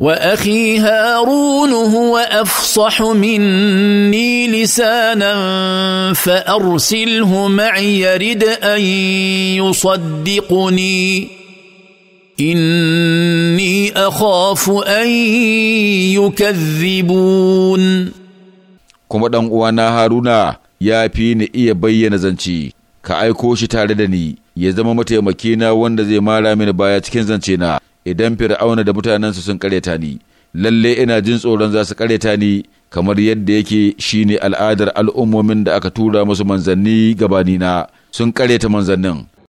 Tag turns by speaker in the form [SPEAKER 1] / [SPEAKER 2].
[SPEAKER 1] واخي هارون هو افصح مني لسانا فارسله معي يرد ان يصدقني اني اخاف ان يكذبون
[SPEAKER 2] kuma ɗan uwana haruna ya fi ni iya bayyana zance ka aiko shi tare da ni ya zama mataimakina wanda zai mara mini baya cikin zance na idan fir'auna da mutanensa sun kareta ni lalle ina jin tsoron za su kareta ni kamar yadda yake
[SPEAKER 3] shine al'adar al'ummomin da aka tura musu manzanni gabanina sun kareta manzannin